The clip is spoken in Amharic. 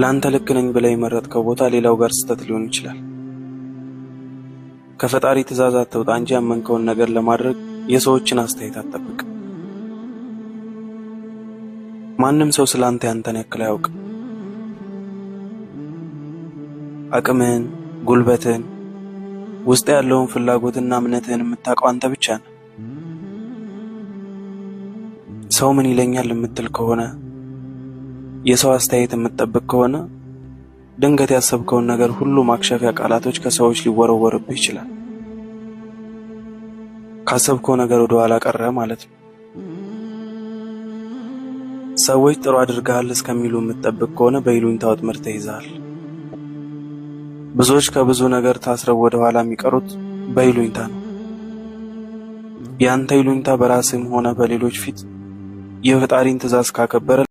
ለአንተ ልክ ነኝ ብለህ የመረጥከው ቦታ ሌላው ጋር ስህተት ሊሆን ይችላል። ከፈጣሪ ትእዛዝ አትውጣ እንጂ ያመንከውን ነገር ለማድረግ የሰዎችን አስተያየት አትጠብቅ። ማንም ሰው ስለ አንተ ያንተን ያክል አያውቅም። አቅምህን፣ ጉልበትህን፣ ውስጥ ያለውን ፍላጎትና እምነትህን የምታውቀው አንተ ብቻ ነህ። ሰው ምን ይለኛል የምትል ከሆነ የሰው አስተያየት የምትጠብቅ ከሆነ ድንገት ያሰብከውን ነገር ሁሉ ማክሸፊያ ቃላቶች ከሰዎች ሊወረወርብህ ይችላል። ካሰብከው ነገር ወደ ኋላ ቀረ ማለት ነው። ሰዎች ጥሩ አድርገሃል እስከሚሉ የምትጠብቅ ከሆነ በይሉኝታ ወጥመድ ተይዘሃል። ብዙዎች ከብዙ ነገር ታስረው ወደ ኋላ የሚቀሩት በይሉኝታ ነው። ያንተ ይሉኝታ በራስም ሆነ በሌሎች ፊት የፈጣሪን ትእዛዝ ካከበረ